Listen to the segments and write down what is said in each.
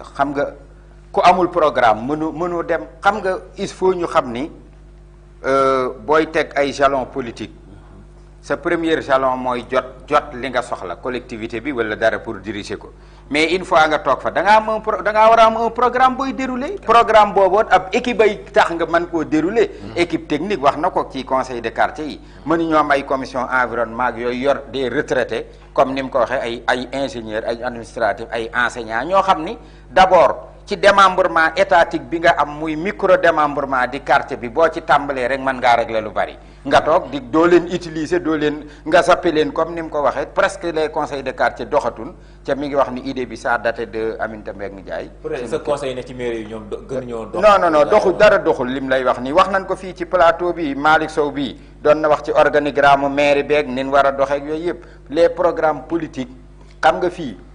sax xam nga ku amul programme mënu mënoo dem xam nga il faut ñu xam ni euh, boy tek ay jalon politique sa première jalon mooy jot jot li nga soxla collectivité bi wala dara pour diriger ko mais une fois nga toog fa danga ngaa am un war a am un programme booy dérouler programme booboot ab équipe ay tax nga man koo dérouler mm-hmm. équipe technique wax na ko ci conseil de quartier yi mënu ñoo am ay commission environnement ak yooyu yor de retraité comme ni mu ko waxee ay ay ingénieur ay administratif ay enseignant ñoo xam ni d'abord ci démembrement étatique bi nga am muy micro demembrement di quartier bi boo ci tàmbalee rek mën ngaa régler lu bari nga toog di doo leen utiliser doo leen nga sappe leen comme ni mu ko waxee presque lay conseil de quartier doxatul ca mi ngi wax ni idée bi sa date de Aminata Mbengue Ndiaye. sa conseil ne ci mairie yi ñoom gënuñoo dox. non non non doxul dara doxul lim lay wax ni wax nañ ko fii ci plateau bi Malick Sow bii doon na wax ci organigramme maire beeg nin war a doxeeg yooyu yëpp les programme politiques xam nga fii.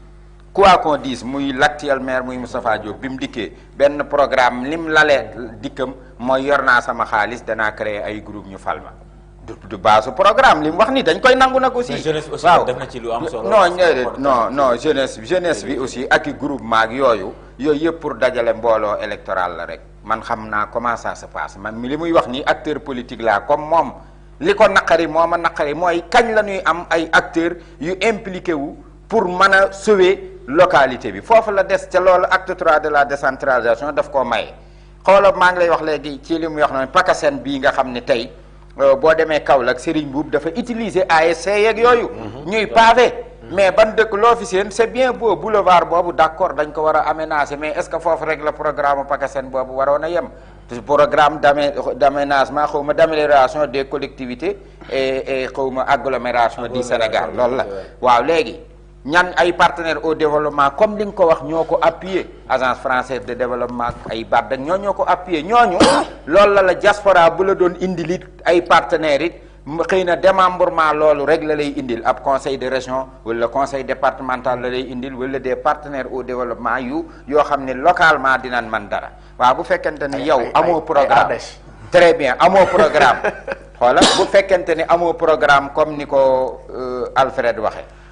quoi qu'on dise muy l'actuel maire muy Moustapha Diop bi mu dikkee benn programme lim lalee dikkam mooy yor naa sama xaalis danaa créer ay groupe ñu fal ma du du baasu programme li mu wax ni dañ koy nangu nag aussi. jeunesse aussi def na ci lu am solo. non non non jeunesse jeunesse bi aussi ak i groupement yooyu yooyu yëpp pour dajale mbooloo électoral la rek man xam naa comment ça se passe man li muy wax ni acteur politique laa comme moom li ko naqari moo ma naqari mooy kañ la ñuy am ay acteur yu impliqué wu pour mën a sauver. localité bi foofu la des ca loolu acte trois de la décentralisation daf koo maye xoola maa ngi lay wax léegi ci li mu wax noonu pakaseen bii nga xam ne tey euh, boo demee Kaolack Serigne Boub dafa utiliser ASC yeeg yooyu mhm. ñuy pavé mhm. mais ban dëkk loo fi seen c'est bien beau boulevard boobu d'accord dañ ko war aménager mais est-ce que foofu rek la programme pakaseen boobu waroon a yem programme d'aménagement xaw ma d'amélioration des collectivités et et xaw ma agglomération du Sénégal loolu la waaw léegi ñan ay partenaires au développement comme li ko wax ñoko appuyer agence française de développement ak ay BAD ak ñoo ñoko appuyer appuyé lool la la diaspora bu la doon indil ay partenaires xeyna démembrement loolu rek la lay indil ab conseil de région wala conseil départemental la lay indil wala des partenaires au développement yu yoo xam ne localement dinañ man dara waaw bu fekkente ne yow amoo programme très bien amoo programme xoola bu fekkente ne amoo programme comme ni ko euh, Alfred waxe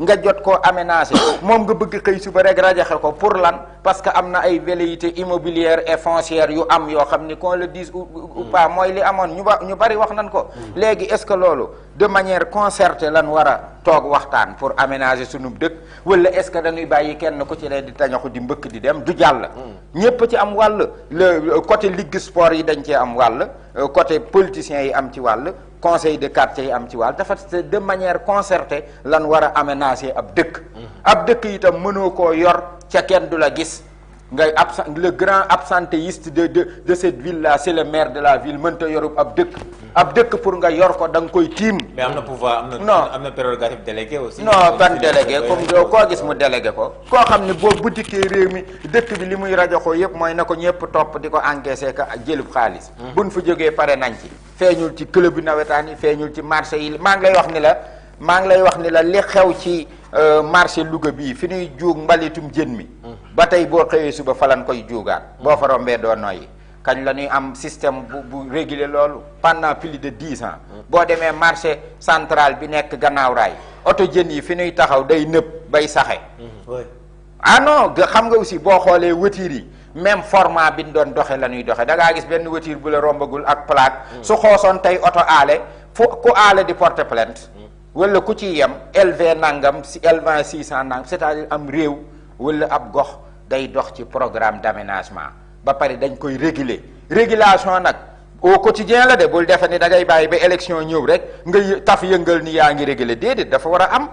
nga jot koo aménagé moom nga bëgg xëy suba rek rajaxe ko pour lan parce que am na ay velléité immobilière et foncière yu am yoo xam ni qu'on le dise ou pas mooy li amoon ñu ba ñu bari wax nan ko mm. léegi est-ce que loolu de manière concertée lan war a toog waxtaan pour aménager sunub dëkk wala est-ce que dañuy bàyyi kenn ku ci leen di tañaxu di mbëkk di dem du jàll mm. ñépp ci am wàll le côté ligue sport yi dañ cee am wàll euh, côté politiciens yi am ci wàll conseil de quartier yi am ci wàll dafa de manière concertée lan wara aménager ab deuk mm-hmm. ab deuk itam mënoo koo yor ca ken du la gis ngay absent le grand absentéiste de de de cette ville là c'est le maire de la ville mënta yorub ab deuk mm-hmm. ab deuk pour nga yor ko dang koy tim mais amna pouvoir amna amna prérogative délégué aussi non ban délégué comme doo koo gis mu délégué ko ko xamni bo boutique réew mi dëkk bi limuy muy rajo ko yëpp mooy na ko ñëpp topp di ka jëlub xaalis mm-hmm. buñ fu joggé paré nañ ci feeñul ci club yu nawetaan yi feeñul ci marché yi maa ngi lay wax ni la maa ngi lay wax ni la li xew ci euh, marché Louga bii fi ñuy juug mbalitum jën mi mm. ba tey boo xëyee suba falan koy juugaat mm. boo fa rombee doo noyyi kañ la ñuy am système bu bu loolu pendant pili de dix ans mm. boo demee marché central bi nekk gannaaw raay oto jën yi fi nuy taxaw day nëb bay saxe ah xam nga aussi boo xoolee wëtiir yi même format bi ñu doon doxe la ñuy doxe da gis benn voiture bu la rombagul ak plaque su xoosoon tey oto aale fu ku aale di porter plainte wala ku ci yem LV nangam si LV 600 nangam cest à am réew wala ab gox day dox ci programme d'aménagement ba pare dañ koy réguler régulation nag au quotidien la de bul defe ni da ngay bàyyi ba élection ñëw rek nga taf yëngal ni yaa ngi réguler déedéet dafa war a am